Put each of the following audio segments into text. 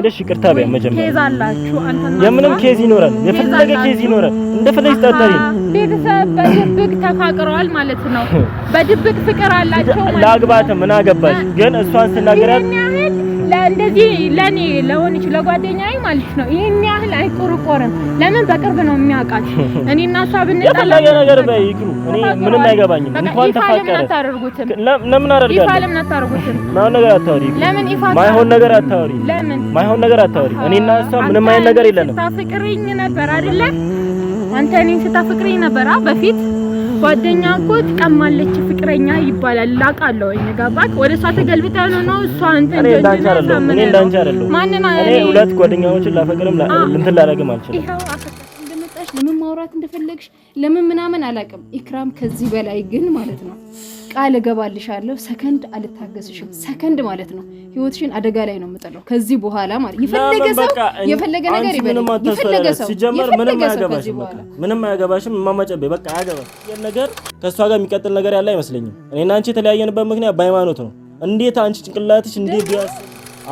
ሄደሽ ይቅርታ በይ። መጀመሪያ ኬዝ አላችሁ አንተና የምንም ኬዝ ይኖራል፣ የፈለገ ኬዝ ይኖራል። እንደፈለግሽ ይጣጣሪ ቤተሰብ በድብቅ ተፋቅረዋል ማለት ነው። በድብቅ ፍቅር አላቸው ማለት ነው። ላግባት ምን አገባሽ? ግን እሷን ስናገራት ለእንደዚህ ለኔ ለሆነች ለጓደኛዬ ማለት ነው ይህን ያህል አይቆርቆርም። ለምን በቅርብ ነው የሚያውቃት። እኔ እና እሷ ብንጣላ ነገር እኔ ምንም አይገባኝም። እንኳን ተፋቀረ ለምን አደርጋለሁ? ይፋ ለምን አታደርጉትም? ማይሆን ነገር አታወሪ። ለምን ይፋ ማይሆን ነገር አታወሪ። ለምን ማይሆን ነገር አታወሪ። እኔ እና እሷ ምንም አይነት ነገር የለንም። ነበር አይደለ? አንተ እኔን ስታፍቅሪኝ ነበር በፊት ጓደኛ እኮ ትቀማለች ፍቅረኛ ይባላል። ላቃለው ወይ ገባክ? ወደ እሷ ተገልብጠ ነው ነው እሷ አንተ እንዳንቺ ማንንም እኔ ሁለት ጓደኛዎችን ላፈቅርም እንትን ላደርግም አልችልም። ለምን ማውራት እንደፈለግሽ ለምን ምናምን አላውቅም። ኢክራም ከዚህ በላይ ግን ማለት ነው ቃል እገባልሻለሁ፣ ሰከንድ አልታገስሽም። ሰከንድ ማለት ነው ህይወትሽን አደጋ ላይ ነው የምጥለው ከዚህ በኋላ ማለት የፈለገ ሰው የፈለገ ነገር ይበል፣ የፈለገ ሰው ሲጀመር ምንም አያገባሽም፣ ምንም አያገባሽም። እማማጨቤ በቃ አያገባ ነገር ከእሷ ጋር የሚቀጥል ነገር ያለ አይመስለኝም። እኔና አንቺ የተለያየንበት ምክንያት በሃይማኖት ነው። እንዴት አንቺ ጭንቅላትሽ እንዴት ቢያስ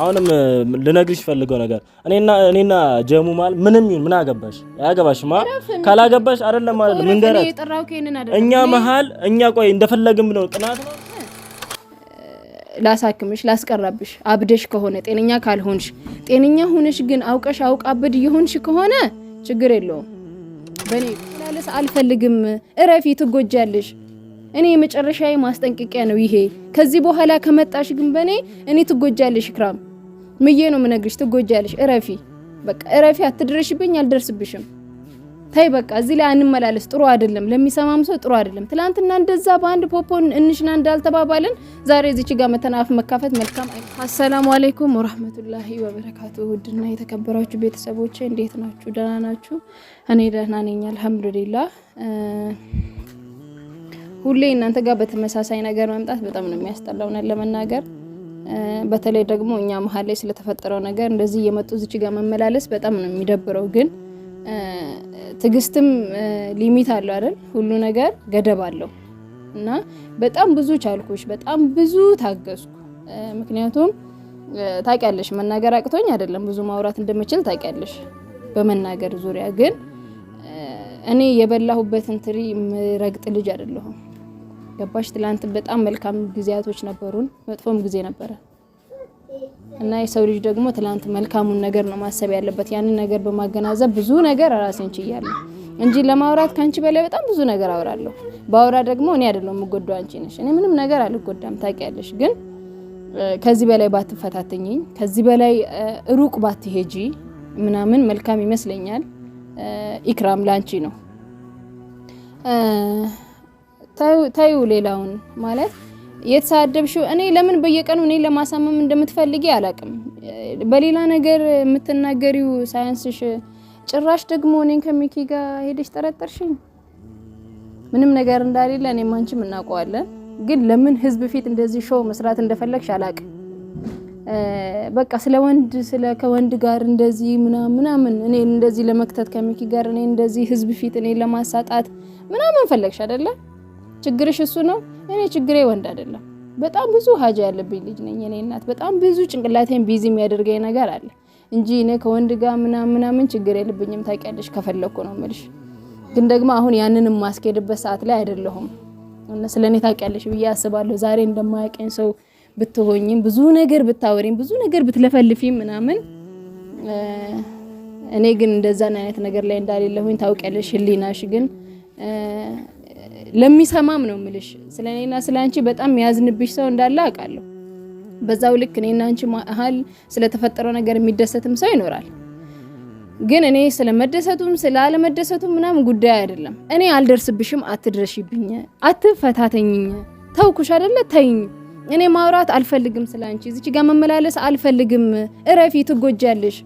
አሁንም ልነግርሽ ፈልገው ነገር እኔና እኔና ጀሙ ማል ምንም ይሁን ምን አገባሽ አያገባሽ ማ ካላገባሽ አይደለም ማለት ምን ገራ እኛ መሀል እኛ ቆይ እንደፈለግን ብለው ቅናት ነው። ላሳክምሽ ላስቀረብሽ፣ አብደሽ ከሆነ ጤነኛ ካልሆንሽ ጤነኛ ሆነሽ ግን አውቀሽ አውቅ አብድ የሆንሽ ከሆነ ችግር የለውም። በእኔ ላለስ አልፈልግም። እረፊ፣ ትጎጃለሽ። እኔ የመጨረሻዬ ማስጠንቀቂያ ነው ይሄ። ከዚህ በኋላ ከመጣሽ ግን በእኔ እኔ ትጎጃለሽ ክራም ምዬ ነው ምነግርሽ። ትጎጃለሽ። እረፊ፣ በቃ እረፊ። አትድረሽብኝ፣ አልደርስብሽም። ታይ በቃ እዚህ ላይ አንመላለስ። ጥሩ አይደለም፣ ለሚሰማም ሰው ጥሩ አይደለም። ትላንትና እንደዛ በአንድ ፖፖን እንሽና እንዳልተባባልን ዛሬ እዚች ጋር መተናፍ መካፈት መልካም አይ። አሰላሙ አለይኩም ወራህመቱላሂ ወበረካቱ። ውድና የተከበራችሁ ቤተሰቦቼ እንዴት ናችሁ? ደህና ናችሁ? እኔ ደህና ነኝ አልሐምዱሊላህ። ሁሌ እናንተ ጋር በተመሳሳይ ነገር መምጣት በጣም ነው የሚያስጠላውና ለመናገር በተለይ ደግሞ እኛ መሀል ላይ ስለተፈጠረው ነገር እንደዚህ እየመጡ ዝች ጋር መመላለስ በጣም ነው የሚደብረው። ግን ትዕግስትም ሊሚት አለው አይደል? ሁሉ ነገር ገደብ አለው እና በጣም ብዙ ቻልኩሽ፣ በጣም ብዙ ታገዝኩ። ምክንያቱም ታውቂያለሽ መናገር አቅቶኝ አይደለም፣ ብዙ ማውራት እንደምችል ታውቂያለሽ። በመናገር ዙሪያ ግን እኔ የበላሁበትን ትሪ ምረግጥ ልጅ አይደለሁም። ገባሽ? ትላንት በጣም መልካም ጊዜያቶች ነበሩን፣ መጥፎም ጊዜ ነበረ እና የሰው ልጅ ደግሞ ትላንት መልካሙን ነገር ነው ማሰብ ያለበት። ያንን ነገር በማገናዘብ ብዙ ነገር ራሴን ችያለሁ እንጂ ለማውራት ከአንቺ በላይ በጣም ብዙ ነገር አውራለሁ። በአውራ ደግሞ እኔ አይደለሁም የምጎዳው አንቺ ነሽ። እኔ ምንም ነገር አልጎዳም ታውቂያለሽ። ግን ከዚህ በላይ ባትፈታተኝኝ፣ ከዚህ በላይ ሩቅ ባትሄጂ ምናምን መልካም ይመስለኛል። ኢክራም ላንቺ ነው። ታዩ ሌላውን ማለት የተሳደብሽው እኔ ለምን በየቀኑ እኔ ለማሳመም እንደምትፈልጊ አላቅም። በሌላ ነገር የምትናገሪው ሳያንስሽ ጭራሽ ደግሞ እኔን ከሚኪ ጋር ሄደሽ ጠረጠርሽኝ። ምንም ነገር እንዳሌለ እኔም አንቺም እናውቀዋለን። ግን ለምን ህዝብ ፊት እንደዚህ ሾው መስራት እንደፈለግሽ አላቅም። በቃ ስለ ወንድ ስለ ከወንድ ጋር እንደዚህ ምናምን ምናምን እኔ እንደዚህ ለመክተት ከሚኪ ጋር እኔ እንደዚህ ህዝብ ፊት እኔ ለማሳጣት ምናምን ፈለግሽ አይደለም ችግርሽ እሱ ነው። እኔ ችግሬ ወንድ አይደለም። በጣም ብዙ ሀጃ ያለብኝ ልጅ ነኝ። እኔ እናት በጣም ብዙ ጭንቅላቴን ቢዚ የሚያደርገኝ ነገር አለ እንጂ እኔ ከወንድ ጋር ምናምን ምናምን ችግር የለብኝም። ታውቂያለሽ፣ ከፈለግኩ ነው የምልሽ። ግን ደግሞ አሁን ያንንም ማስኬድበት ሰዓት ላይ አይደለሁም። ስለ እኔ ታውቂያለሽ ብዬ አስባለሁ። ዛሬ እንደማያውቀኝ ሰው ብትሆኝም ብዙ ነገር ብታወሪም ብዙ ነገር ብትለፈልፊም ምናምን እኔ ግን እንደዛን አይነት ነገር ላይ እንዳሌለሁኝ ታውቂያለሽ። ህሊናሽ ግን ለሚሰማም ነው ምልሽ። ስለ እኔና ስለ አንቺ በጣም የሚያዝንብሽ ሰው እንዳለ አውቃለሁ። በዛው ልክ እኔና አንቺ መሀል ስለተፈጠረው ነገር የሚደሰትም ሰው ይኖራል። ግን እኔ ስለመደሰቱም ስላለመደሰቱም ምናምን ጉዳይ አይደለም። እኔ አልደርስብሽም፣ አትድረሽብኝ፣ አትፈታተኝኝ፣ ተውኩሽ አደለ ተይኝ። እኔ ማውራት አልፈልግም ስለ አንቺ፣ እዚች ጋር መመላለስ አልፈልግም። እረፊ፣ ትጎጃለሽ።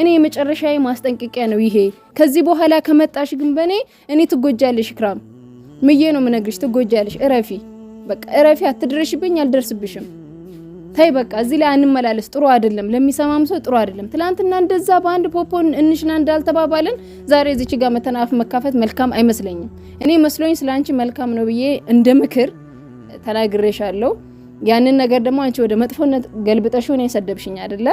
እኔ የመጨረሻዊ ማስጠንቀቂያ ነው ይሄ። ከዚህ በኋላ ከመጣሽ ግን በእኔ እኔ ትጎጃለሽ፣ ክራም ምዬ ነው ምነግርሽ። ትጎጃለሽ። እረፊ፣ በቃ እረፊ። አትድረሽብኝ፣ አልደርስብሽም። ተይ በቃ እዚህ ላይ አንመላለስ። ጥሩ አይደለም፣ ለሚሰማም ሰው ጥሩ አይደለም። ትላንትና እንደዛ በአንድ ፖፖ እንሽና እንዳልተባባልን ዛሬ እዚች ጋር መተናፍ መካፈት መልካም አይመስለኝም። እኔ መስሎኝ ስለአንቺ መልካም ነው ብዬ እንደ ምክር ተናግሬሻለሁ። ያንን ነገር ደግሞ አንቺ ወደ መጥፎነት ገልብጠሽው ሆነ የሰደብሽኝ አይደለ?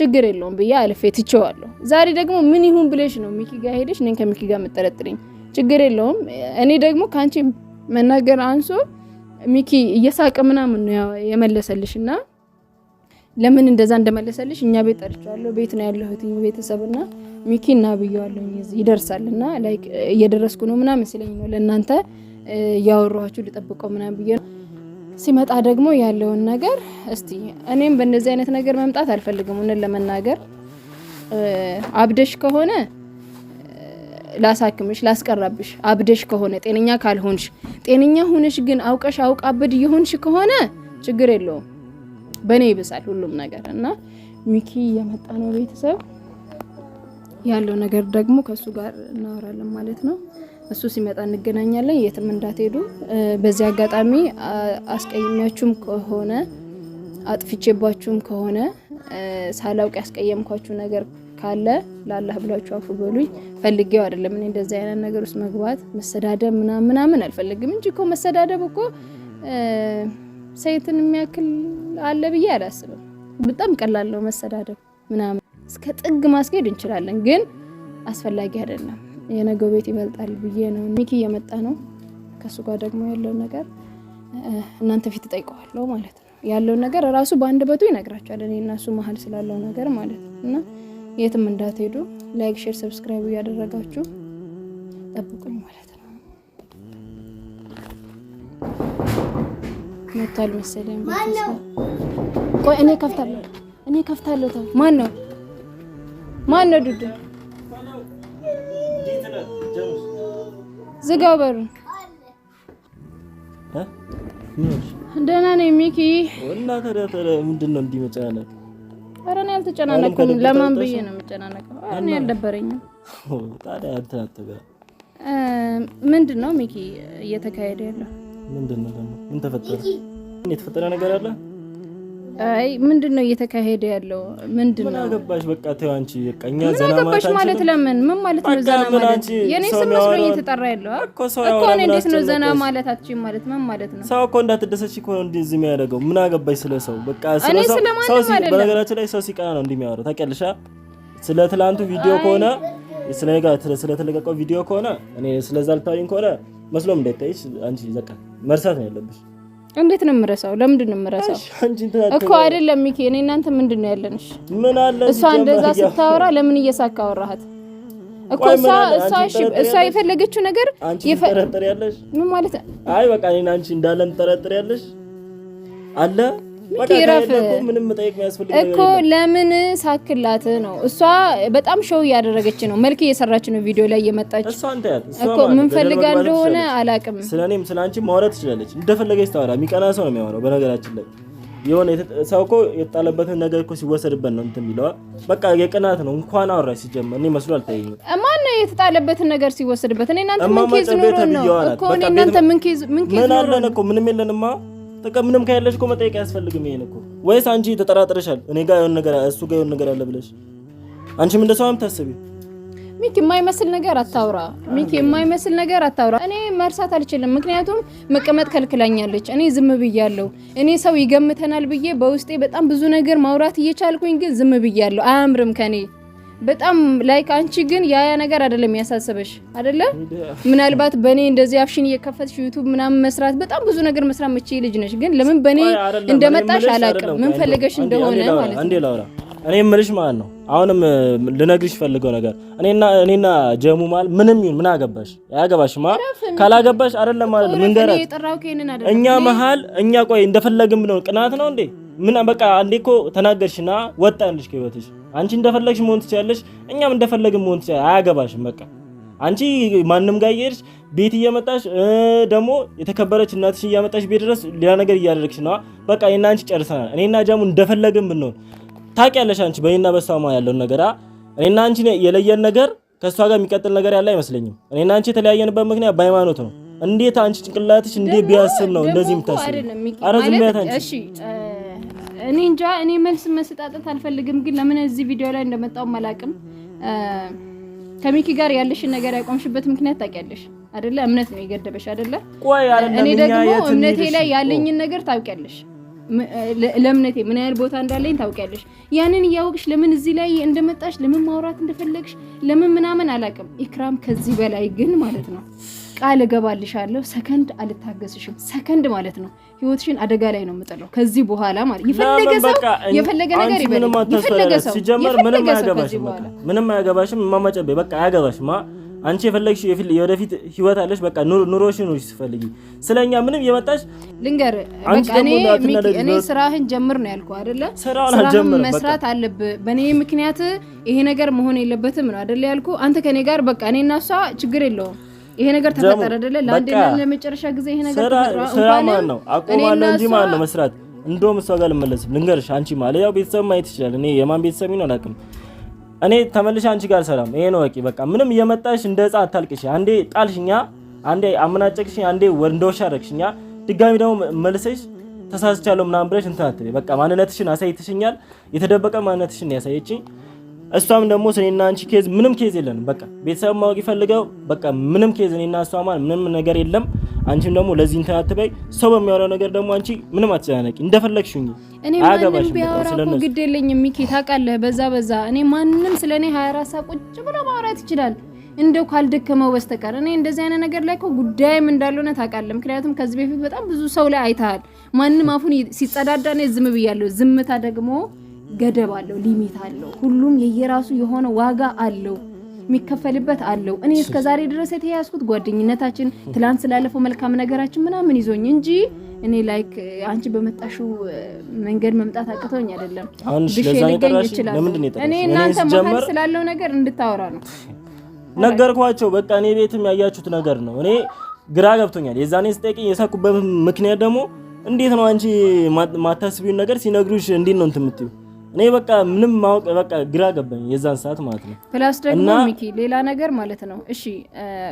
ችግር የለውም ብዬ አልፌ ትቼዋለሁ። ዛሬ ደግሞ ምን ይሁን ብለሽ ነው ሚኪ ጋር ሄደሽ እኔን ከሚኪ ጋር መጠረጥርኝ ችግር የለውም። እኔ ደግሞ ከአንቺ መናገር አንሶ ሚኪ እየሳቀ ምናምን ነው የመለሰልሽ እና ለምን እንደዛ እንደመለሰልሽ እኛ ቤት ጠርቻለሁ። ቤት ነው ያለሁት እና ሚኪ እና ብየዋለሁ ይደርሳል እና ላይክ እየደረስኩ ነው ምናምን ሲለኝ ነው ለእናንተ እያወራኋችሁ ልጠብቀው ምናምን ብዬ ነው። ሲመጣ ደግሞ ያለውን ነገር እስቲ እኔም በእንደዚህ አይነት ነገር መምጣት አልፈልግም። እውነት ለመናገር አብደሽ ከሆነ ላሳክምሽ፣ ላስቀረብሽ አብደሽ ከሆነ ጤነኛ ካልሆንሽ፣ ጤነኛ ሆነሽ ግን አውቀሽ አውቅ አብድ እየሆንሽ ከሆነ ችግር የለውም። በእኔ ይብሳል ሁሉም ነገር እና ሚኪ እየመጣ ነው። ቤተሰብ ያለው ነገር ደግሞ ከእሱ ጋር እናወራለን ማለት ነው። እሱ ሲመጣ እንገናኛለን። የትም እንዳትሄዱ። በዚህ አጋጣሚ አስቀይሚያችሁም ከሆነ አጥፍቼባችሁም ከሆነ ሳላውቅ ያስቀየምኳችሁ ነገር ካለ ላላህ ብላችሁ አፉ በሉኝ። ፈልጌው አይደለም እኔ እንደዚህ አይነት ነገር ውስጥ መግባት መሰዳደብ ምናምን ምናምን አልፈልግም እንጂ እኮ መሰዳደብ እኮ ሰይትን የሚያክል አለ ብዬ አላስብም። በጣም ቀላል ነው መሰዳደብ ምናምን። እስከ ጥግ ማስኬድ እንችላለን፣ ግን አስፈላጊ አይደለም። የነገው ቤት ይበልጣል ብዬ ነው። ሚኪ እየመጣ ነው። ከእሱ ጋር ደግሞ ያለው ነገር እናንተ ፊት እጠይቀዋለሁ ማለት ነው። ያለውን ነገር ራሱ በአንድ በቱ ይነግራቸዋል። እኔ እና እሱ መሀል ስላለው ነገር ማለት ነው እና የትም እንዳትሄዱ ላይክ፣ ሼር፣ ሰብስክራይብ እያደረጋችሁ ጠብቁኝ ማለት ነው። መታል መሰለኝ። ቆይ እኔ ከፍታለሁ፣ እኔ ከፍታለሁ። ተው። ማን ነው ማን ነው? ዱዱ ዝጋው በሩ። ደህና ነኝ ሚኪ። ወላ ታዲያ ምንድን ነው እንዲህ መጨናነቅ ኧረ እኔ አልተጨናነኩም። ለማን ብዬ ነው የምጨናነቀው? እኔ አልደበረኝም። ታዲያ አትናጠበ ምንድን ነው ሚኪ እየተካሄደ ያለው ምንድን ነው? ምን ተፈጠረ? የተፈጠረ ነገር አለ አይ ምንድን ነው እየተካሄደ ያለው? ምንድን ነው አገባሽ? በቃ ተይው አንቺ በቃ እኛ ዘና ማለት ማለት ለምን ምን ማለት ነው ዘና ማለት? የኔ ስም መስሎ እየተጠራ ያለው እኮ ሰው እኮ ነው። እንዴት ነው ዘና ማለት አትችይም ማለት ምን ማለት ነው? ሰው እኮ እንዳትደሰች እኮ ነው እንደዚህ የሚያደርገው። ምን አገባሽ ስለ ሰው? በቃ ስለ ሰው ሰው ሲባል በነገራችን ላይ ሰው ሲቀና ነው እንደሚያወራው ታውቂያለሽ። ስለ ትላንቱ ቪዲዮ ከሆነ ስለ ስለ ተለቀቀው ቪዲዮ ከሆነ እኔ ስለዛ ልታወሪኝ ከሆነ መስሎም እንዳይታይሽ አንቺ ዘቃ መርሳት ነው ያለብሽ። እንዴት ነው የምረሳው? ለምንድን ነው የምረሳው እኮ አይደለም ሚኪ፣ እኔ እናንተ ምንድን ነው ያለንሽ? ምን አለ እሷ እንደዛ ስታወራ ለምን እየሳካ አወራሃት እኮ እሷ የፈለገችው ነገር ምን ማለት ነው? አይ በቃ እኔ አንቺ እንዳለን ትጠረጥሪያለሽ አለ እኮ ለምን ሳክላት ነው? እሷ በጣም ሾው እያደረገች ነው፣ መልክ እየሰራች ነው፣ ቪዲዮ ላይ እየመጣች እኮ። ምን ፈልጋ እንደሆነ አላውቅም። ስለኔም ስለአንቺ ማውራት ትችላለች፣ እንደፈለገች ታወራ። የሚቀና ሰው ነው የሚያወራው። በነገራችን ላይ የሆነ ሰው እኮ የተጣለበትን ነገር እኮ ሲወሰድበት ነው እንትን የሚለዋ። በቃ የቅናት ነው። እንኳን አወራች ሲጀመር እኔ መስሎ አልታየኝም። ማነው የተጣለበትን ነገር ሲወሰድበት? እኔ እናንተ ምን ኬዝ ኖሮን ነው እኮ? እኔ እናንተ ምን ኬዝ ምን ኬዝ ኖሮን ነው? ምንም የለንማ ጥቅምንም ካያለሽ እኮ መጠየቅ አያስፈልግም። ይሄን እኮ ወይስ አንቺ ተጠራጥረሻል? እኔ ጋር የሆነ ነገር እሱ ጋር የሆነ ነገር አለ ብለሽ አንቺም እንደ ሰው የምታስቢ ሚኪ፣ የማይመስል ነገር አታውራ። ሚኪ፣ የማይመስል ነገር አታውራ። እኔ መርሳት አልችልም፣ ምክንያቱም መቀመጥ ከልክላኛለች። እኔ ዝም ብያለሁ። እኔ ሰው ይገምተናል ብዬ በውስጤ በጣም ብዙ ነገር ማውራት እየቻልኩኝ ግን ዝም ብያለሁ። አያምርም ከኔ በጣም ላይክ አንቺ ግን ያ ያ ነገር አይደለም ያሳሰበሽ አይደለ? ምናልባት በኔ እንደዚህ አፍሽን እየከፈትሽ ዩቲዩብ ምናምን መስራት በጣም ብዙ ነገር መስራት መቼ ልጅ ነሽ። ግን ለምን በኔ እንደመጣሽ አላውቅም፣ ምን ፈልገሽ እንደሆነ ማለት ነው። እንዴ ላውራ፣ እኔ የምልሽ ማለት ነው። አሁንም ልነግርሽ ፈልገው ነገር እኔና እኔና ጀሙ ማል ምንም ይሁን ምን አገባሽ አያገባሽ፣ ማ ካላገባሽ አይደለም ማለት ምን ደረ እኛ መሀል እኛ ቆይ እንደፈለግን ብለው ቅናት ነው እንዴ? ምን በቃ አንዴ እኮ ተናገርሽና ወጣንልሽ ከህይወትሽ አንቺ እንደፈለግሽ መሆን ትችያለሽ፣ እኛም እንደፈለግን መሆን ትችያለሽ። አያገባሽም። በቃ አንቺ ማንም ጋር እየሄድሽ ቤት እየመጣሽ ደግሞ የተከበረች እናትሽ እያመጣሽ ቤት ድረስ ሌላ ነገር እያደረግሽ ነዋ። በቃ እኔና አንቺ ጨርሰናል። እኔና ጃሙ እንደፈለግን ብንሆን ታውቂያለሽ። አንቺ በእኔና በሷማ ያለውን ነገር እኔና አንቺ የለየን ነገር ከእሷ ጋር የሚቀጥል ነገር ያለ አይመስለኝም። እኔና አንቺ የተለያየንበት ምክንያት በሃይማኖት ነው። እንዴት አንቺ ጭንቅላትሽ እንዴት ቢያስብ ነው እንደዚህ የምታስብ? ኧረ ዝም በያት አንቺ እኔ እንጃ እኔ መልስ መሰጣጠት አልፈልግም፣ ግን ለምን እዚህ ቪዲዮ ላይ እንደመጣውም አላውቅም። ከሚኪ ጋር ያለሽን ነገር ያቆምሽበት ምክንያት ታውቂያለሽ አይደለ? እምነት ነው የገደበሽ አይደለ? እኔ ደግሞ እምነቴ ላይ ያለኝን ነገር ታውቂያለሽ። ለእምነቴ ምን ያህል ቦታ እንዳለኝ ታውቂያለሽ። ያንን እያወቅሽ ለምን እዚህ ላይ እንደመጣሽ፣ ለምን ማውራት እንደፈለግሽ፣ ለምን ምናምን አላውቅም። ኢክራም ከዚህ በላይ ግን ማለት ነው ቃል እገባልሻለሁ፣ ሰከንድ አልታገስሽም። ሰከንድ ማለት ነው ህይወትሽን አደጋ ላይ ነው የምጥለው ከዚህ በኋላ ማለት የፈለገ ሰው የፈለገ ነገር ይበል፣ ሰው ሲጀመር ምንም አያገባሽም፣ ምንም አያገባሽም። እማማ በቃ አያገባሽም። አንቺ የፈለግሽ የወደፊት ህይወት አለሽ። በቃ ኑሮሽ ነው ስፈልጊ ስለኛ ምንም የመጣሽ ልንገር በቃ እኔ ስራህን ጀምር ነው ያልኩህ አይደለ? ስራህን መስራት አለብህ። በእኔ ምክንያት ይሄ ነገር መሆን የለበትም ነው አይደለ ያልኩህ። አንተ ከኔ ጋር በቃ እኔ እና እሷ ችግር የለውም ይሄ ነገር ተፈጠረ አይደለ? ለአንዴና ለመጨረሻ ጊዜ ይሄ ነገር ተፈጠረ። ስራ ማን ነው አቆማለሁ እንጂ ማን ነው መስራት? እንደውም እሷ ጋር ልመለስ ልንገርሽ። አንቺ ማለት ያው ቤተሰብ ማየት ይችላል። እኔ የማን ቤተሰብ ነው አላውቅም። እኔ ተመልሼ አንቺ ጋር ሰላም ይሄ ነው በቂ። በቃ ምንም እየመጣሽ እንደ ሕፃን አታልቅሽ። አንዴ ጣልሽኛ፣ አንዴ አመናጨቅሽኝ፣ አንዴ ወንዶሽ አደረግሽኛ። ድጋሚ ደግሞ መልሰሽ ተሳስቻለሁ ምናምን ብለሽ እንትን አትበይ። በቃ ማንነትሽን አሳይተሽኛል። የተደበቀ ማንነትሽን ያሳየችኝ እሷም ደግሞ እኔና አንቺ ኬዝ ምንም ኬዝ የለንም። በቃ ቤተሰብ ማወቅ ይፈልገው በቃ ምንም ኬዝ እኔና እሷ ማለት ምንም ነገር የለም። አንቺም ደግሞ ለዚህ እንትን አትበይ። ሰው በሚያወራው ነገር ደግሞ አንቺ ምንም አትጨናነቂ፣ እንደፈለግሽኝ እኔ ማንም ቢያወራ እኮ ግድ የለኝም ሚኪ፣ ታውቃለህ። በዛ በዛ እኔ ማንም ስለ እኔ 24 ሰዓት ቁጭ ብሎ ማውራት ይችላል እንደው ካልደከመው በስተቀር እኔ እንደዚህ አይነት ነገር ላይ እኮ ጉዳይም እንዳልሆነ ታውቃለህ። ምክንያቱም ከዚህ በፊት በጣም ብዙ ሰው ላይ አይተሃል። ማንም አፉን ሲጸዳዳ እኔ ዝም ብያለሁ። ዝምታ ደግሞ ገደብ አለው፣ ሊሚት አለው። ሁሉም የየራሱ የሆነ ዋጋ አለው፣ የሚከፈልበት አለው። እኔ እስከዛሬ ድረስ የተያዝኩት ጓደኝነታችን፣ ትላንት ስላለፈው መልካም ነገራችን ምናምን ይዞኝ እንጂ እኔ ላይክ አንቺ በመጣሽው መንገድ መምጣት አቅተውኝ አይደለም። እኔ እናንተ መሀል ስላለው ነገር እንድታወራ ነው ነገርኳቸው። በቃ እኔ ቤትም ያያችሁት ነገር ነው። እኔ ግራ ገብቶኛል። የዛኔ ስጠቂ የሳኩበት ምክንያት ደግሞ እንዴት ነው አንቺ ማታስቢውን ነገር ሲነግሩሽ እንዴት ነው እንትን የምትይው እኔ በቃ ምንም ማወቅ በቃ ግራ ገባኝ የዛን ሰዓት ማለት ነው። ፕላስ ደግሞ ሚኪ ሌላ ነገር ማለት ነው። እሺ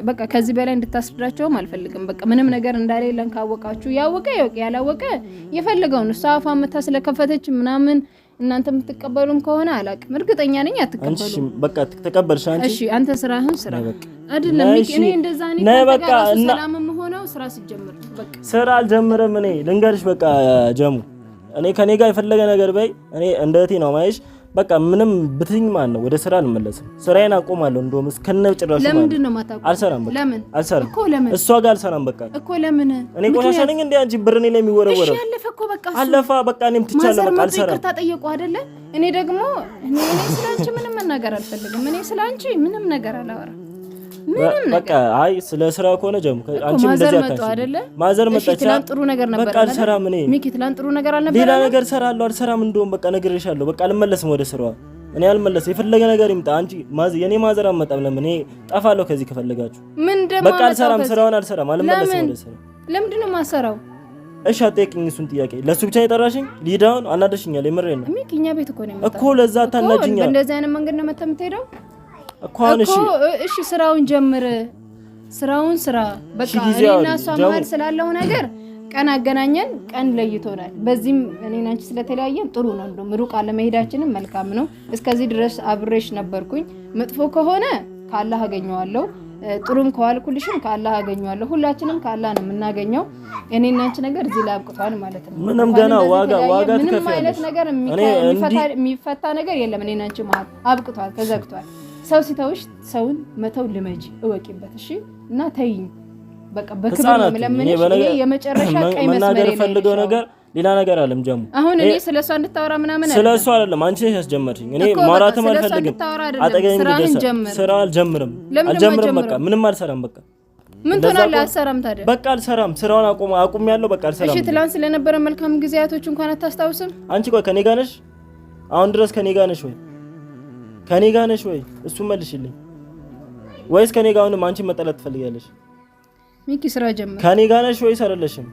በቃ ከዚህ በላይ እንድታስብዳቸውም አልፈልግም። በቃ ምንም ነገር እንዳሌለን ካወቃችሁ ያወቀ ያወቀ ያላወቀ የፈለገውን እሷ አፏ መታ ስለከፈተች ምናምን እናንተ የምትቀበሉም ከሆነ አላውቅም። እርግጠኛ ነኝ አትቀበሉም። በቃ ተቀበልሽ አንቺ። እሺ አንተ ስራህን ስራ አይደለም ሚኪ። እኔ እንደዛ ነኝ። በቃ ሰላም የምሆነው ስራ ሲጀምር በቃ ስራ አልጀምርም እኔ ልንገርሽ። በቃ ጀሙ እኔ ከኔ ጋር የፈለገ ነገር በይ፣ እኔ እንደ እህቴ ነው ማየሽ። በቃ ምንም ብትኝ ማን ነው። ወደ ስራ አልመለስም፣ ስራዬን አቆማለሁ። እንደውም እስከነ ጭራሽ አልሰራም፣ በቃ ለምን አልሰራም እኮ ለምን እሷ ጋር አልሰራም፣ በቃ እኮ ለምን እኔ ቆሻሻ ነኝ እንዴ? አንቺ ብር እኔ ላይ የሚወረወረው አለፈ እኮ በቃ አለፋ በቃ እኔም ትቻለሁ፣ በቃ አልሰራም። ይቅርታ ጠየቁ አይደለ? እኔ ደግሞ እኔ ስለ አንቺ ምንም መናገር አልፈልግም። እኔ ስለ አንቺ ምንም ነገር አላወራም በቃ አይ ስለ ስራ ከሆነ ጀም አንቺ እንደዚህ አታሽ ማዘር መጣች። ትላንት ጥሩ ነገር ነበር። በቃ አልሰራም እኔ ሚኪ፣ ትላንት ጥሩ ነገር አልነበረ። ሌላ ነገር እሰራለሁ። አልሰራም እንደውም በቃ ነግሬሻለሁ። በቃ አልመለስም ወደ ስራዋ። እኔ አልመለስም። የፈለገ ነገር ይምጣ። አንቺ ማዝ የኔ ማዘር አመጣም። ለምን እኔ ጠፋለሁ ከዚህ ከፈለጋችሁ። ምን ደማ በቃ አልሰራም። ስራውን አልሰራም። አልመለስም ወደ ስራው። ለምንድን ነው ማሰራው? እሺ አትጠይቅኝ። እሱን ጥያቄ ለእሱ ብቻ የጠራሽኝ? ሊዳውን አናደሽኛል። የምሬን ነው ሚኪ፣ እኛ ቤት እኮ ነው እኮ። ለዛ ታናጅኛል። በእንደዚህ አይነት መንገድ ነው መታ የምትሄደው እኮ እሺ ስራውን ጀምር፣ ስራውን ስራ። በቃ እኔና እሷ መሀል ስላለው ነገር ቀን አገናኘን፣ ቀን ለይቶናል። በዚህም እኔና አንቺ ስለተለያየን ጥሩ ነው። እንደውም ሩቅ አለመሄዳችንም መልካም ነው። እስከዚህ ድረስ አብሬሽ ነበርኩኝ። መጥፎ ከሆነ ከአላህ አገኘዋለሁ፣ ጥሩም ከዋልኩልሽም ከአላህ አገኘዋለሁ። ሁላችንም ከአላህ ነው የምናገኘው። እኔና አንቺ ነገር እዚህ ላይ አብቅቷል ማለት ነው። ምንም ገና ዋጋ ዋጋ ምንም አይነት ነገር የሚፈታ ነገር የለም። እኔና አንቺ መሀል አብቅቷል፣ ተዘግቷል። ሰው ሲተውሽ ሰውን መተው ልመጅ እወቂበት። እሺ እና ተይኝ በቃ በክብር ለምንሽ። የመጨረሻ ቀይ መስመር የፈልገው ነገር ሌላ ነገር አለም ጀሙ። አሁን እኔ ስለ እሷ እንድታወራ ምናምን ስለ እሷ አይደለም፣ አንቺ ነሽ ያስጀመርሽኝ። እኔ ማውራትም አልፈልግም፣ አጠገኝ ስራ አልጀምርም፣ አልጀምርም። በቃ ምንም አልሰራም። በቃ ምን ትሆናለህ? አልሰራም። ታዲያ በቃ አልሰራም፣ ስራውን አቁም አቁም ያለው በቃ አልሰራም። እሺ ትላንት ስለነበረ መልካም ጊዜያቶች እንኳን አታስታውስም አንቺ? ቆይ ከኔ ጋር ነሽ አሁን ድረስ ከኔ ጋር ነሽ ወይ ከኔ ጋር ነሽ ወይ? እሱ መልሽልኝ። ወይስ ከኔ ጋር አሁንም አንቺ መጠላት ትፈልጊያለሽ? ሚኪ ስራ ጀምር። ከኔ ጋር ነሽ ወይስ አይደለሽም?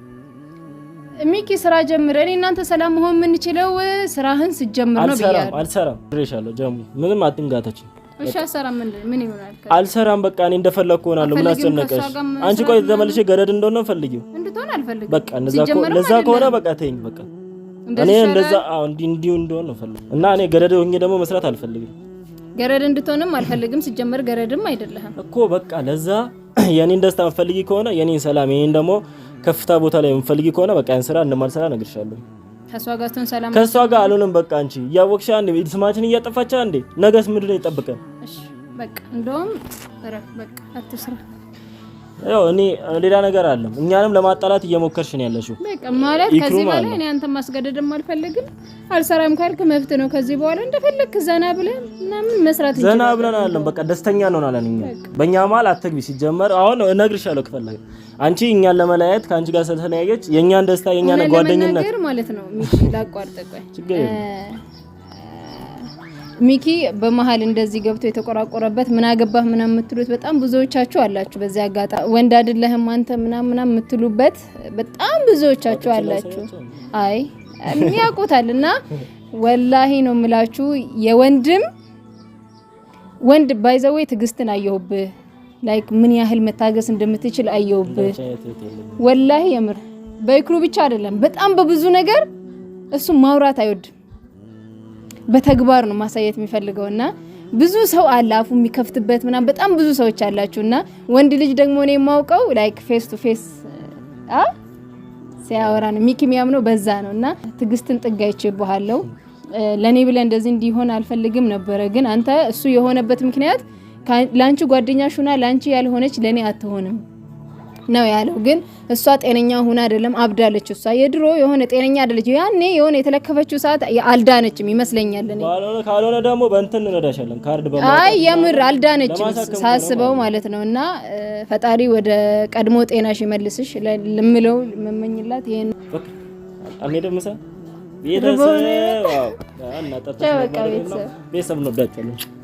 ሚኪ ስራ ጀምር። እኔ እናንተ ሰላም መሆን የምንችለው ስራህን ስጀምር ነው ብያለሁ። አልሰራም ድሬሻለሁ። ጀምሩ። ምንም አትንጋታች። እሺ አልሰራም። ምን ይሆናል? አልሰራም። በቃ እኔ እንደፈለኩ ሆናለሁ። ምን አስጨነቀሽ አንቺ? ቆይ ተመልሼ ገረድ እንደሆነ ፈልጊው እንድትሆን አልፈልግም። በቃ ለዛ ከሆነ በቃ ተይኝ። በቃ እኔ እንደዛ እንዲሁ እንደሆነ ነው ፈልግ እና እኔ ገረድ ሆኜ ደግሞ መስራት አልፈልግም። ገረድ እንድትሆንም አልፈልግም። ሲጀመር ገረድም አይደለህም እኮ በቃ ለዛ የኔን ደስታ የምትፈልጊ ከሆነ የኔን ሰላም፣ የኔን ደግሞ ከፍታ ቦታ ላይ የምትፈልጊ ከሆነ በቃ ያን ስራ እንደማልሰራ እነግርሻለሁ። ከእሷ ጋር ስትሆን አልሆንም። በቃ አንቺ እያወቅሻ እንዴ ስማችን እያጠፋቻ እንዴ? ነገስ ምንድን ነው ይጠብቀን? እንደውም በቃ አትስራ ያው እኔ ሌላ ነገር አለም። እኛንም ለማጣላት እየሞከርሽ ነው ያለሽው። በቃ ማለት ከዚህ በኋላ እኔ አንተ ማስገደድም አልፈልግም። አልሰራም ካልክ መብት ነው። ከዚህ በኋላ እንደፈለክ ዘና ብለን ምናምን መስራት እንጂ ዘና ብለን አለም። በቃ ደስተኛ ነው እንሆናለን። እኛ በእኛ መሀል አትግቢ። ሲጀመር አሁን እነግርሻለሁ ከፈለግሽ አንቺ እኛን ለመለያየት ከአንቺ ጋር ስለተለያየች የእኛን ደስታ የእኛን ጓደኝነት ማለት ነው ሚኪ በመሀል እንደዚህ ገብቶ የተቆራቆረበት ምን አገባህ ምናምን የምትሉት በጣም ብዙዎቻችሁ አላችሁ። በዚህ አጋጣሚ ወንድ አይደለህም አንተ ምናምን የምትሉበት በጣም ብዙዎቻችሁ አላችሁ። አይ ያውቁታል። እና ወላሂ ነው የምላችሁ የወንድም ወንድ ባይዘወይ ትዕግስትን አየሁብህ። ላይክ ምን ያህል መታገስ እንደምትችል አየሁብህ። ወላሂ የምር በይክሩ ብቻ አይደለም፣ በጣም በብዙ ነገር እሱ ማውራት አይወድም በተግባር ነው ማሳየት የሚፈልገው እና ብዙ ሰው አለ አፉ የሚከፍትበት ምናምን በጣም ብዙ ሰዎች አላችሁ እና ወንድ ልጅ ደግሞ እኔ የማውቀው ላይክ ፌስ ቱ ፌስ ሲያወራ ነው ሚኪ የሚያምነው በዛ ነው እና ትግስትን ጥጋ ይችባሃለው ለእኔ ብለ እንደዚህ እንዲሆን አልፈልግም ነበረ፣ ግን አንተ እሱ የሆነበት ምክንያት ለአንቺ ጓደኛሽ ሹና ለአንቺ ያልሆነች ለእኔ አትሆንም ነው ያለው። ግን እሷ ጤነኛ ሆና አይደለም አብዳለች። እሷ የድሮ የሆነ ጤነኛ አይደለች። ያኔ የሆነ የተለከፈችው ሰዓት አልዳነችም ይመስለኛል። እኔ ካልሆነ ደግሞ በእንትን እንረዳሻለን ካርድ በማ አይ የምር አልዳነችም ሳስበው ማለት ነው። እና ፈጣሪ ወደ ቀድሞ ጤናሽ ይመልስሽ ልምለው መመኝላት ይሄን አልሄደም መሰለኝ ቤተሰብ ቤተሰብ እንወዳቸዋለን።